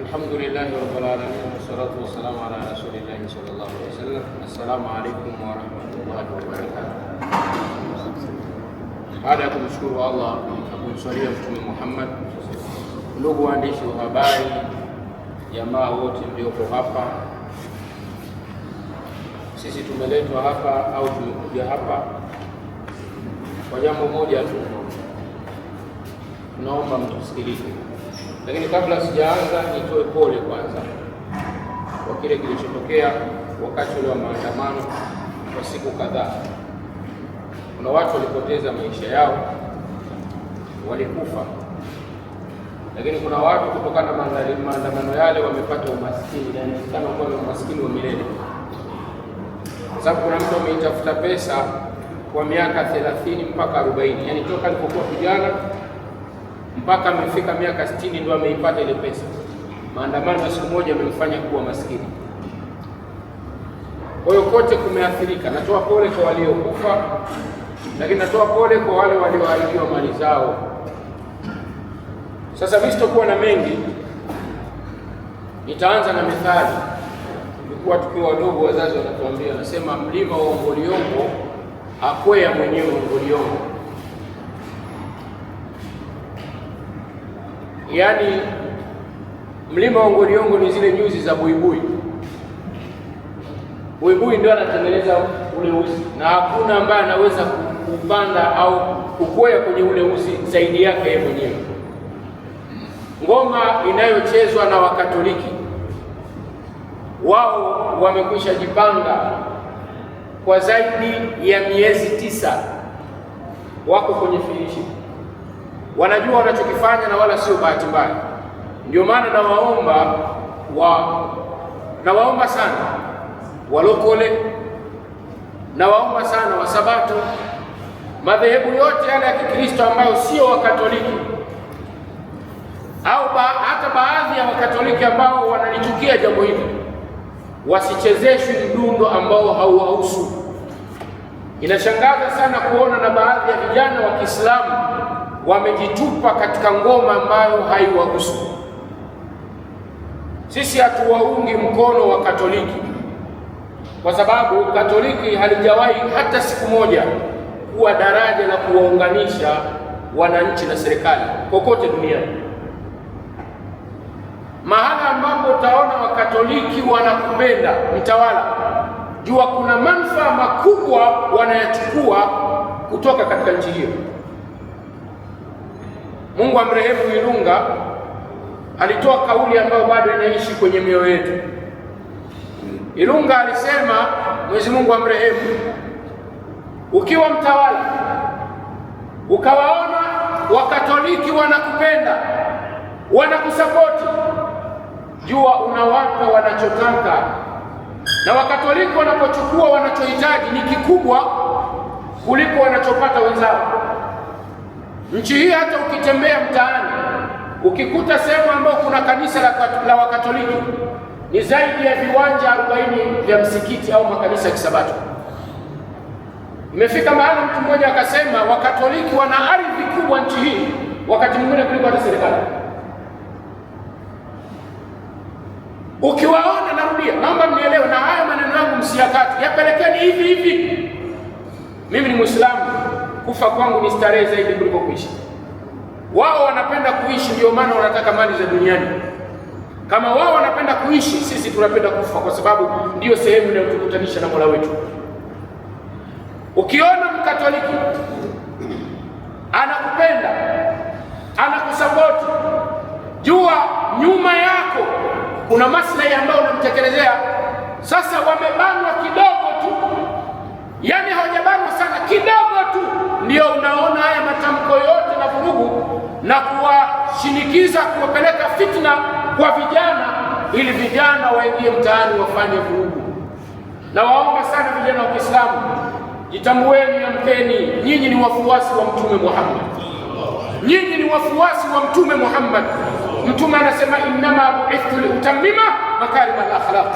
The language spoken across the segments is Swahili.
Alhamdulillahi rabbil alamin wassalatu wassalamu ala rasulillahi sallallahu alaihi wasallam. Assalamu alaykum wa rahmatullahi wa Baada ya kumshukuru Allah na kumswalia Mtume Muhammad, ndugu waandishi wa habari, jamaa wote mlioko hapa, sisi tumeletwa hapa au tumekuja hapa kwa jambo moja tu, tunaomba mtusikilize lakini kabla sijaanza, nitoe pole kwanza kwa kile kilichotokea wakati ule wa maandamano kwa siku kadhaa. Kuna watu walipoteza maisha yao, walikufa, lakini kuna watu kutokana na maandamano yale wamepata umaskini, inaonekana kuwa ni umaskini wa milele, kwa sababu kuna mtu ameitafuta pesa kwa miaka 30 mpaka 40, yani toka alipokuwa kijana mpaka amefika miaka 60 ndio ameipata ile pesa. Maandamano ya siku moja amemfanya kuwa maskini. Kwa hiyo kote kumeathirika. Natoa pole kwa waliokufa, lakini natoa pole kwa wale walioharibiwa mali zao. Sasa mimi sitakuwa na mengi, nitaanza na methali. Tulikuwa tukiwa wadogo, wazazi wanatuambia, wanasema mlima wa ongoliombo akwea mwenyewe ongoliombo yaani mlima wa Ngoriongo ni zile nyuzi za buibui. Buibui ndio anatengeneza ule uzi, na hakuna ambaye anaweza kupanda au kukwea kwenye ule uzi zaidi yake yeye mwenyewe. Ngoma inayochezwa na Wakatoliki, wao wamekwisha jipanga kwa zaidi ya miezi tisa, wako kwenye filishi wanajua wanachokifanya na wala sio bahati mbaya. Ndio maana nawaomba wa nawaomba sana walokole, nawaomba sana wasabato, madhehebu yote yale ya Kikristo ambayo sio Wakatoliki au ba, hata baadhi ya Wakatoliki ambao wanalichukia jambo hili wasichezeshwi mdundo ambao hauwahusu. Inashangaza sana kuona na baadhi ya vijana wa Kiislamu wamejitupa katika ngoma ambayo haiwahusu. Sisi hatuwaungi mkono wa Katoliki kwa sababu Katoliki halijawahi hata siku moja kuwa daraja la kuwaunganisha wananchi na serikali kokote duniani. Mahala ambapo utaona Wakatoliki wanakupenda mtawala, jua kuna manufaa makubwa wanayachukua kutoka katika nchi hiyo. Mungu amrehemu Ilunga alitoa kauli ambayo bado inaishi kwenye mioyo yetu. Ilunga alisema, Mwenyezi Mungu amrehemu, ukiwa mtawala ukawaona Wakatoliki wanakupenda wanakusapoti, jua unawapa wanachotaka, na Wakatoliki wanapochukua wanachohitaji ni kikubwa kuliko wanachopata wenzao. Nchi hii hata ukitembea mtaani ukikuta sehemu ambayo kuna kanisa la Wakatoliki ni zaidi ya viwanja arobaini vya msikiti au makanisa ya Kisabato. Imefika mahali mtu mmoja akasema Wakatoliki wana ardhi kubwa nchi hii, wakati mwingine kuliko hata serikali. Ukiwaona, narudia, naomba mnielewe, na haya maneno yangu msiyakati, yapelekeni hivi hivi. Mimi ni Mwislamu kufa kwangu ni starehe zaidi kuliko kuishi. Wao wanapenda kuishi, ndio maana wanataka mali za duniani. Kama wao wanapenda kuishi, sisi tunapenda kufa, kwa sababu ndiyo sehemu inayotukutanisha na Mola wetu. Ukiona Mkatoliki anakupenda anakusapoti, jua nyuma yako kuna maslahi ambayo unamtekelezea. Sasa wamebanwa kidogo tu, yani ndio unaona haya matamko yote na vurugu na kuwashinikiza kuwapeleka fitna kwa vijana, ili vijana waingie mtaani wafanye vurugu. Na waomba sana vijana wa Kiislamu, jitambueni, mkeni, nyinyi ni wafuasi wa Mtume Muhammad, nyinyi ni wafuasi wa Mtume Muhammad. Mtume anasema innama buithtu liutamima makarima al-akhlaq,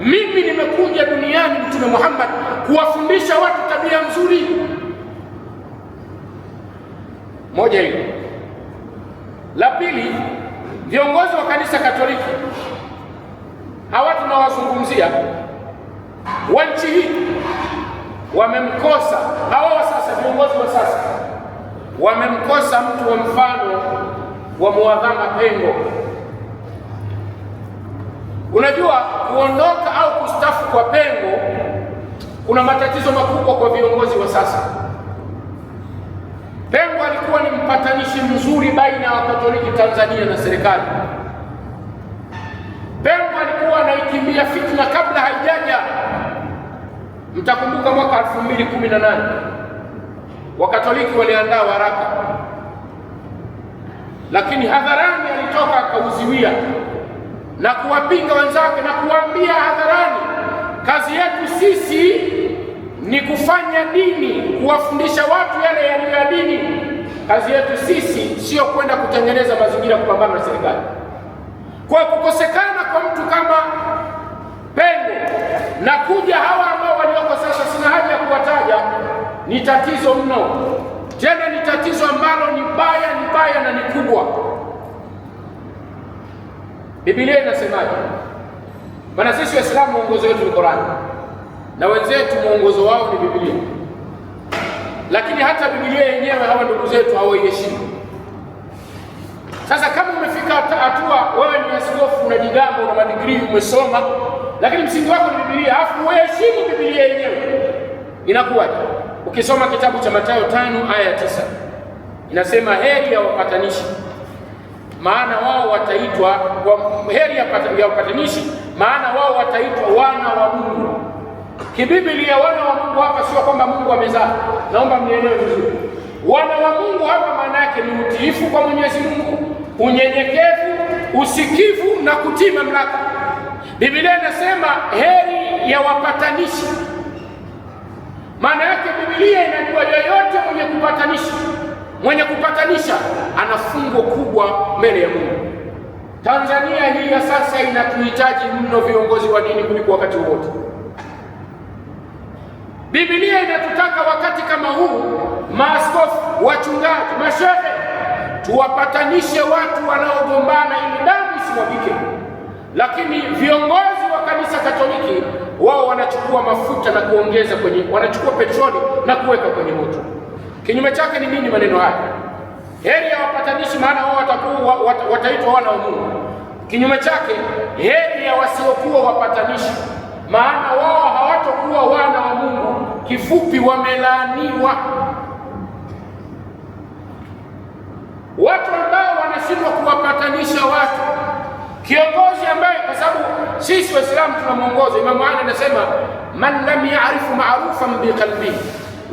mimi nimekuja duniani Mtume Muhammad kuwafundisha watu tabia nzuri moja hiyo. La pili, viongozi wa kanisa Katoliki hawa tunawazungumzia wa nchi hii wamemkosa, hawa wa sasa, viongozi wa sasa wamemkosa mtu wa mfano wa Mwadhama Pengo. Unajua, kuondoka au kustafu kwa Pengo kuna matatizo makubwa kwa viongozi wa sasa. Pengo alikuwa ni mpatanishi mzuri baina ya Wakatoliki Tanzania na serikali. Pengo alikuwa anaikimbia fitna kabla haijaja. Mtakumbuka mwaka 2018 Wakatoliki waliandaa waraka, lakini hadharani alitoka akauziwia na kuwapinga wenzake na kuwaambia hadharani kufanya dini, kuwafundisha watu yale yaliyo ya dini. Kazi yetu sisi sio kwenda kutengeneza mazingira kupambana na serikali. Kwa kukosekana kwa mtu kama Pengo na kuja hawa ambao walioko sasa, sina haja ya kuwataja, ni tatizo mno, tena ni tatizo ambalo ni baya, ni baya na ni kubwa. Biblia inasemaje? Maana sisi Waislamu, uongozi wetu ni Qurani na wenzetu mwongozo wao ni Biblia, lakini hata Biblia yenyewe hawa ndugu zetu hawaiheshimu. Sasa kama umefika hatua wewe ni askofu, na jigambo na madigrii, umesoma, lakini msingi wako ni Biblia, alafu uheshimu Biblia yenyewe, inakuwaje? Ukisoma kitabu cha Mathayo tano aya ya tisa inasema heri ya wapatanishi maana wao wataitwa, heri ya wapatanishi maana wao wataitwa wana wa Mungu. Kibiblia wana wa Mungu hapa sio kwamba Mungu amezaa. Naomba mnielewe vizuri. Wana wa Mungu hapa maana yake ni utiifu kwa Mwenyezi Mungu, unyenyekevu, usikivu na kutii mamlaka. Biblia inasema heri ya wapatanishi. Maana yake Biblia inajua yoyote mwenye kupatanisha, mwenye kupatanisha ana fungo kubwa mbele ya Mungu. Tanzania hii ya sasa inatuhitaji mno viongozi wa dini kuliko wakati wote. Biblia inatutaka wakati kama huu, maaskofu, wachungaji, mashehe, tuwapatanishe watu wanaogombana ili damu isimwagike, lakini viongozi wa kanisa Katoliki wao wanachukua mafuta na kuongeza kwenye, wanachukua petroli na kuweka kwenye moto. Kinyume chake ni nini maneno haya? Heri ya wapatanishi, maana wao watakuwa wataitwa wana wa Mungu. Kinyume chake, heri ya wasiokuwa wapatanishi, maana wao hawatakuwa wana kifupi, wamelaaniwa watu ambao wanashindwa kuwapatanisha watu. Kiongozi ambaye kwa sababu sisi Waislamu tunamwongoza Imamu Ali anasema, man lam yarifu marufan biqalbihi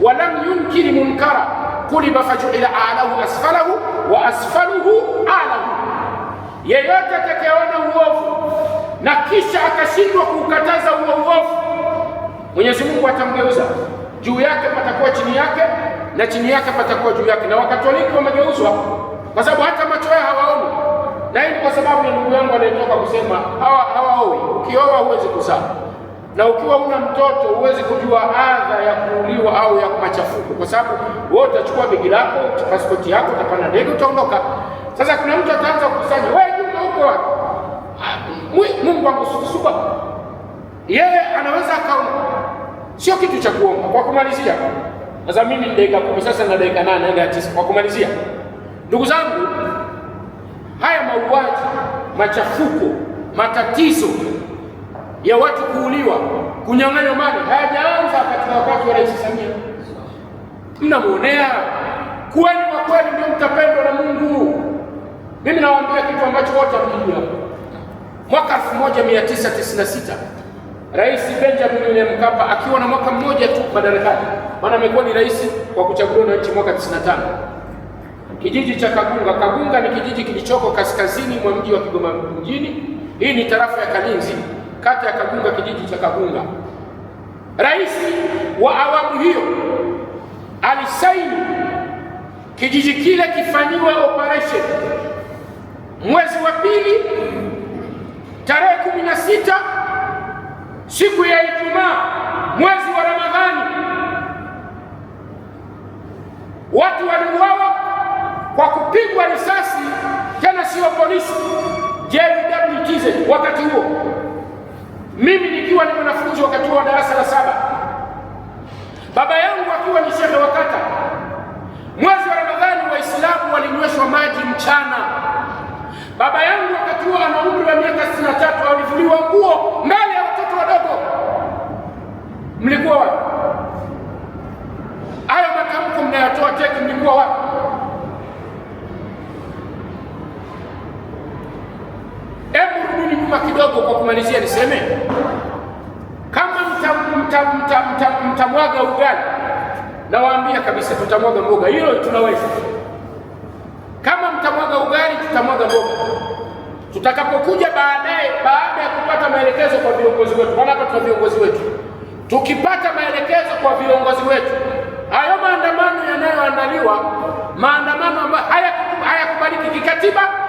wa lam yunkiri munkara kuliba fajuila alahu asfalahu wa asfaluhu alahu, yeyote atakayeona uovu na kisha akashindwa kuukataza huo uovu Mwenyezi Mungu atamgeuza juu yake patakuwa chini yake na chini yake patakuwa juu yake. Na Wakatoliki wamegeuzwa kwa sababu hata macho yao hawaoni, na hii ni kwa sababu ya ndugu yangu anayetoka kusema hawaoi. Ukioa huwezi kuzaa, na ukiwa una mtoto huwezi kujua adha ya kuuliwa au ya machafuko, kwa sababu wewe utachukua begi lako, pasipoti yako, utapanda ndege, utaondoka. Sasa kuna mtu ataanza kukusanya wewe, uko wapi? Ah, Mungu wangu sukusuka yeye anaweza akaona sio kitu cha kuomba. Kwa kumalizia, sasa mimi ni dakika kumi sasa na dakika nane na tisa. Kwa kumalizia, ndugu zangu, haya mauaji, machafuko, matatizo ya watu kuuliwa, kunyang'anywa mali hayajaanza katika wakati wa Rais Samia. Mnamwonea kuweni kwa kweli, ndio mtapendwa na Mungu. Mimi nawaambia kitu ambacho wote hamjui. Mwaka 1996 Rais Benjamin William Mkapa akiwa na mwaka mmoja tu madarakani, maana amekuwa ni rais kwa kuchaguliwa na nchi mwaka 95. Kijiji cha Kagunga. Kagunga ni kijiji kilichoko kaskazini mwa mji wa Kigoma mjini. Hii ni tarafa ya Kalinzi, kata ya Kagunga, kijiji cha Kagunga. Rais wa awamu hiyo alisaini kijiji kile kifanyiwe operation mwezi wa pili tarehe sita siku ya Ijumaa, mwezi wa Ramadhani, watu waliuawa kwa kupigwa risasi, tena sio polisi, JWTZ wakati huo, mimi nikiwa ni mwanafunzi wakati huo wa darasa la saba, baba yangu akiwa ni shehe wa kata. Mwezi wa Ramadhani Waislamu walinyweshwa maji mchana. Baba yangu wakati huo ana umri wa miaka 63, alivuliwa nguo kabisa tutamwaga mboga, hilo tunaweza. Kama mtamwaga ugali, tutamwaga mboga. Tutakapokuja baadaye, baada ya kupata maelekezo kwa viongozi wetu, maana hapa tuna viongozi wetu, tukipata maelekezo kwa viongozi wetu, hayo maandamano yanayoandaliwa, maandamano ambayo hayakubaliki kikatiba